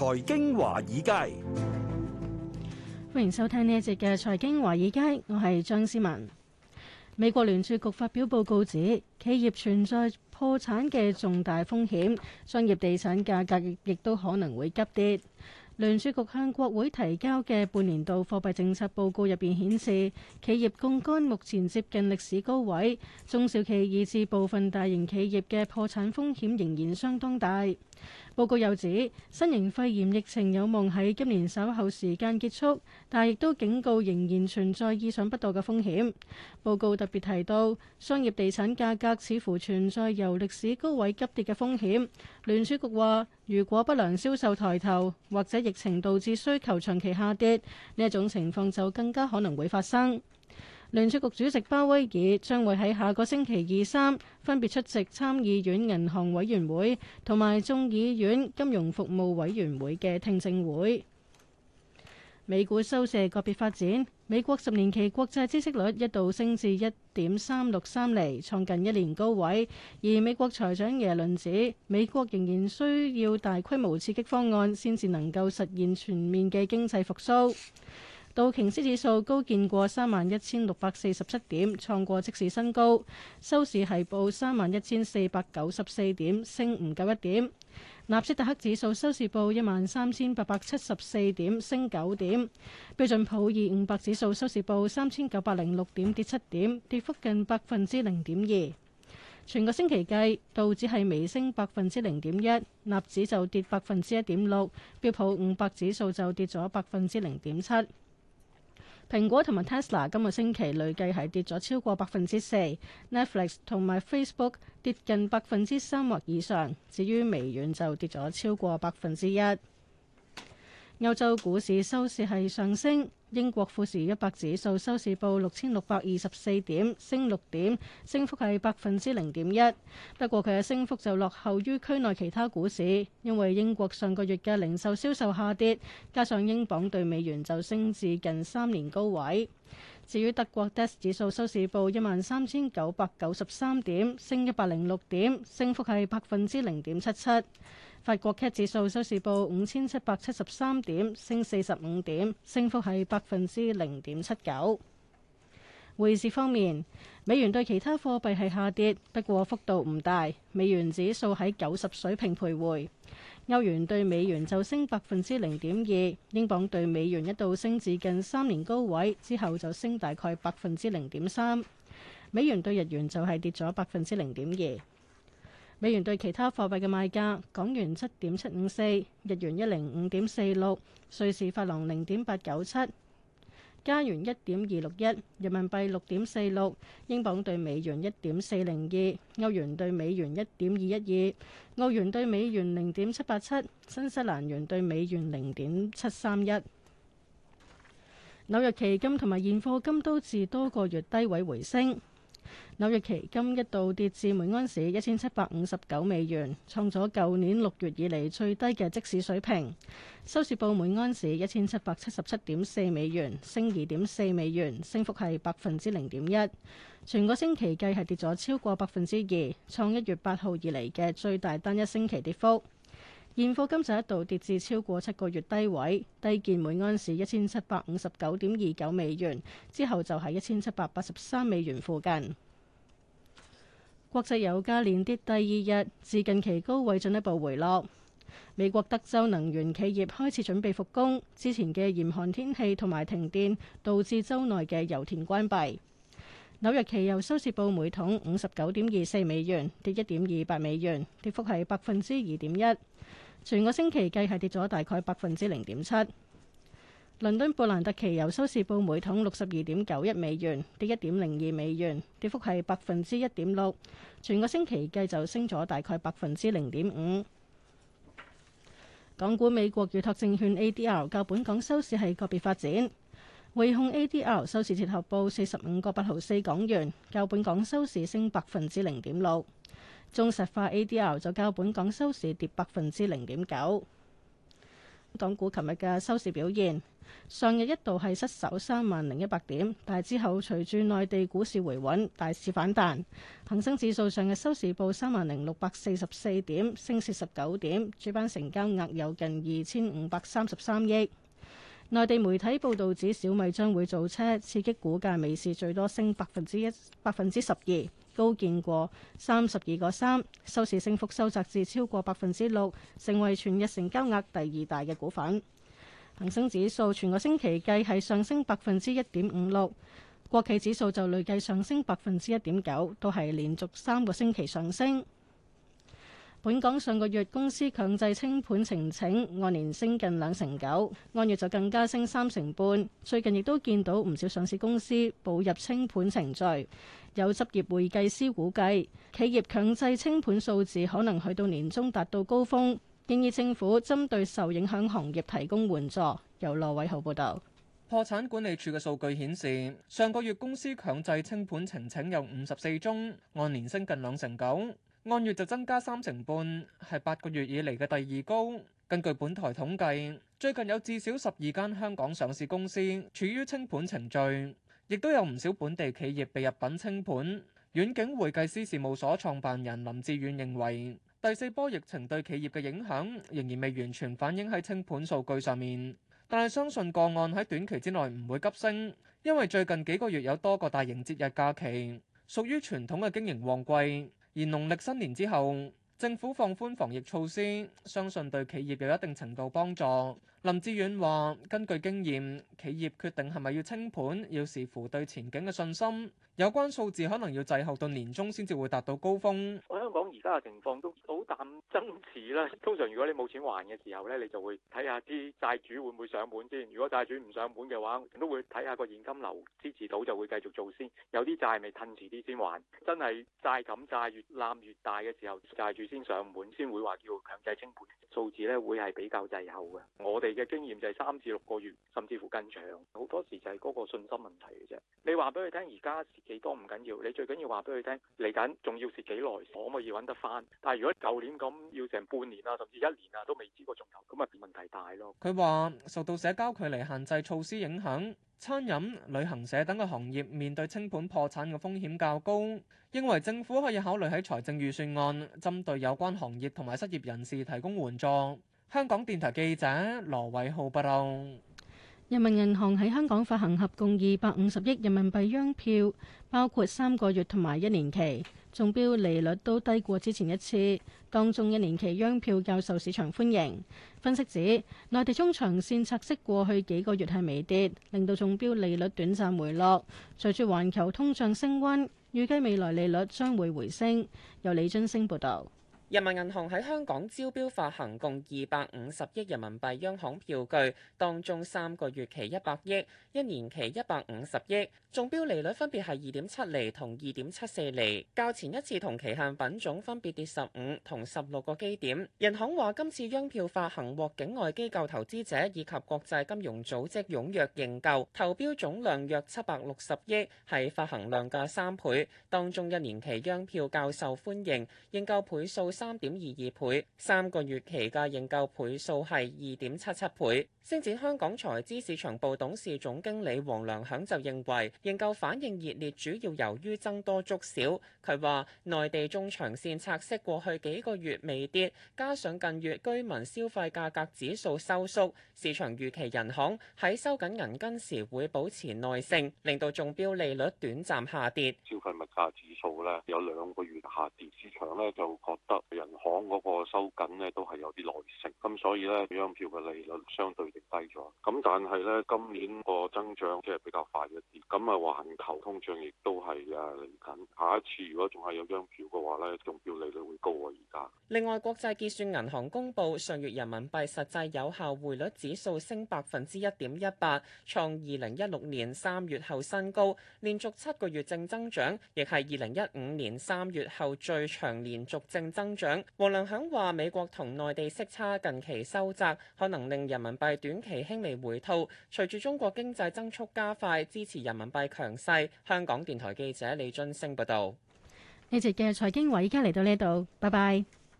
財經華爾街，歡迎收聽呢一節嘅財經華爾街，我係張思文。美國聯儲局發表報告指，企業存在破產嘅重大風險，商業地產價格亦都可能會急跌。聯儲局向國會提交嘅半年度貨幣政策報告入邊顯示，企業槓杆目前接近歷史高位，中小企以至部分大型企業嘅破產風險仍然相當大。報告又指，新型肺炎疫情有望喺今年稍後時間結束，但亦都警告仍然存在意想不到嘅風險。報告特別提到，商業地產價格似乎存在由歷史高位急跌嘅風險。聯儲局話，如果不良銷售抬頭，或者疫情導致需求長期下跌，呢一種情況就更加可能會發生。聯儲局主席鮑威爾將會喺下個星期二三分別出席參議院銀行委員會同埋眾議院金融服務委員會嘅聽證會。美股收市個別發展，美國十年期國債孳息率一度升至一點三六三厘，創近一年高位。而美國財長耶倫指，美國仍然需要大規模刺激方案，先至能夠實現全面嘅經濟復甦。道瓊斯指數高見過三萬一千六百四十七點，創過即市新高，收市係報三萬一千四百九十四點，升唔夠一點。納斯達克指數收市報一萬三千八百七十四點，升九點。標準普爾五百指數收市報三千九百零六點，跌七點，跌幅近百分之零點二。全個星期計，道指係微升百分之零點一，納指就跌百分之一點六，標普五百指數就跌咗百分之零點七。蘋果同埋 Tesla 今個星期累計係跌咗超過百分之四，Netflix 同埋 Facebook 跌近百分之三或以上，至於微軟就跌咗超過百分之一。歐洲股市收市係上升。英國富時一百指數收市報六千六百二十四點，升六點，升幅係百分之零點一。不過佢嘅升幅就落後於區內其他股市，因為英國上個月嘅零售銷售下跌，加上英鎊對美元就升至近三年高位。至於德國 DAX 指數收市報一萬三千九百九十三點，升一百零六點，升幅係百分之零點七七。法國 CAC 指數收市報五千七百七十三點，升四十五點，升幅係百分之零點七九。匯市方面，美元對其他貨幣係下跌，不過幅度唔大，美元指數喺九十水平徘徊。歐元對美元就升百分之零點二，英鎊對美元一度升至近三年高位，之後就升大概百分之零點三。美元對日元就係跌咗百分之零點二。美元兌其他貨幣嘅賣價：港元七點七五四，日元一零五點四六，瑞士法郎零點八九七，加元一點二六一，人民幣六點四六，英鎊兌美元一點四零二，歐元兌美元一點二一二，澳元兌美元零點七八七，新西蘭元兌美元零點七三一。紐約期金同埋現貨金都自多個月低位回升。紐約期金一度跌至每盎司一千七百五十九美元，創咗舊年六月以嚟最低嘅即市水平。收市報每盎司一千七百七十七點四美元，升二點四美元，升幅係百分之零點一。全個星期計係跌咗超過百分之二，創一月八號以嚟嘅最大單一星期跌幅。現貨金就一度跌至超過七個月低位，低見每安士一千七百五十九點二九美元，之後就係一千七百八十三美元附近。國際油價連跌第二日，自近期高位進一步回落。美國德州能源企業開始準備復工，之前嘅嚴寒天氣同埋停電導致州內嘅油田關閉。紐約期油收市報每桶五十九點二四美元，跌一點二八美元，跌幅係百分之二點一。全個星期計係跌咗大概百分之零點七。倫敦布蘭特期油收市報每桶六十二點九一美元，跌一點零二美元，跌幅係百分之一點六。全個星期計就升咗大概百分之零點五。港股美國預託證券 ADR 較本港收市係個別發展。匯控 ADR 收市跌頭報四十五個八毫四港元，較本港收市升百分之零點六。中石化 ADR 就較本港收市跌百分之零點九。港股琴日嘅收市表現，上日一度係失守三萬零一百點，但係之後隨住內地股市回穩，大市反彈。恒生指數上嘅收市報三萬零六百四十四點，升四十九點。主板成交額有近二千五百三十三億。內地媒體報導指小米將會造車，刺激股價尾市最多升百分之一百分之十二，高見過三十二個三，收市升幅收窄至超過百分之六，成為全日成交額第二大嘅股份。恒生指數全個星期計係上升百分之一點五六，國企指數就累計上升百分之一點九，都係連續三個星期上升。本港上個月公司強制清盤呈請按年升近兩成九，按月就更加升三成半。最近亦都見到唔少上市公司步入清盤程序。有執業會計師估計，企業強制清盤數字可能去到年終達到高峰，建議政府針對受影響行業提供援助。由羅偉豪報導。破產管理處嘅數據顯示，上個月公司強制清盤呈請有五十四宗，按年升近兩成九。按月就增加三成半，係八個月以嚟嘅第二高。根據本台統計，最近有至少十二間香港上市公司處於清盤程序，亦都有唔少本地企業被入稟清盤。遠景會計師事務所創辦人林志遠認為，第四波疫情對企業嘅影響仍然未完全反映喺清盤數據上面，但係相信個案喺短期之內唔會急升，因為最近幾個月有多個大型節日假期，屬於傳統嘅經營旺季。而農曆新年之後，政府放寬防疫措施，相信對企業有一定程度幫助。林志遠話，根據經驗，企業決定係咪要清盤，要視乎對前景嘅信心。有關數字可能要滯後到年中先至會達到高峰。我香港而家嘅情況都好淡增持啦。通常如果你冇錢還嘅時候咧，你就會睇下啲債主會唔會上門先。如果債主唔上門嘅話，都會睇下個現金流支持到就會繼續做先。有啲債未褪遲啲先還。真係債咁債越攬越大嘅時候，債主先上門，先會話叫強制清盤。數字咧會係比較滯後嘅。我哋。嘅經驗就係三至六個月，甚至乎更長。好多時就係嗰個信心問題嘅啫。你話俾佢聽，而家蝕幾多唔緊要，你最緊要話俾佢聽嚟緊仲要蝕幾耐，可唔可以揾得翻？但係如果舊年咁要成半年啊，甚至一年啊，都未知個盡頭，咁啊問題大咯。佢話受到社交距離限制措施影響，餐飲、旅行社等嘅行業面對清盤破產嘅風險較高，認為政府可以考慮喺財政預算案針對有關行業同埋失業人士提供援助。香港電台記者羅偉浩報道，人民銀行喺香港發行合共二百五十億人民幣央票，包括三個月同埋一年期，中標利率都低過之前一次。當中一年期央票較受市場歡迎。分析指，內地中長線拆息過去幾個月係微跌，令到中標利率短暫回落。隨住環球通脹升溫，預計未來利率將會回升。由李津升報道。人民銀行喺香港招標發行共二百五十億人民幣央行票據，當中三個月期一百億、一年期一百五十億，中標利率分別係二點七厘同二點七四厘，較前一次同期限品種分別跌十五同十六個基點。銀行話今次央票發行獲境外機構投資者以及國際金融組織踴躍認購，投標總量約七百六十億，係發行量嘅三倍，當中一年期央票較受歡迎，認購倍數三點二二倍，三個月期嘅認購倍數係二點七七倍。星展香港財資市場部董事總經理黃良響就認為，認購反應熱烈，主要由於僧多粥少。佢話：內地中長線拆息過去幾個月未跌，加上近月居民消費價格指數收縮，市場預期人行喺收緊銀根時會保持耐性，令到中標利率短暫下跌。消費物價指數呢，有兩個月下跌，市場呢，就覺得。人行嗰個收緊咧，都係有啲耐性，咁所以咧，央票嘅利率相對亦低咗。咁但係咧，今年個增長即係比較快一啲，咁啊，環球通脹亦都係誒嚟緊，下一次如果仲係有央票嘅話咧，仲要利率會高過而家。另外，國際結算銀行公佈上月人民幣實際有效匯率指數升百分之一點一八，創二零一六年三月後新高，連續七個月正增長，亦係二零一五年三月後最長連續正增長。黃良響話，美國同內地息差近期收窄，可能令人民幣短期輕微回吐。隨住中國經濟增速加快，支持人民幣強勢。香港電台記者李津升報道。呢節嘅財經話，依家嚟到呢度，拜拜。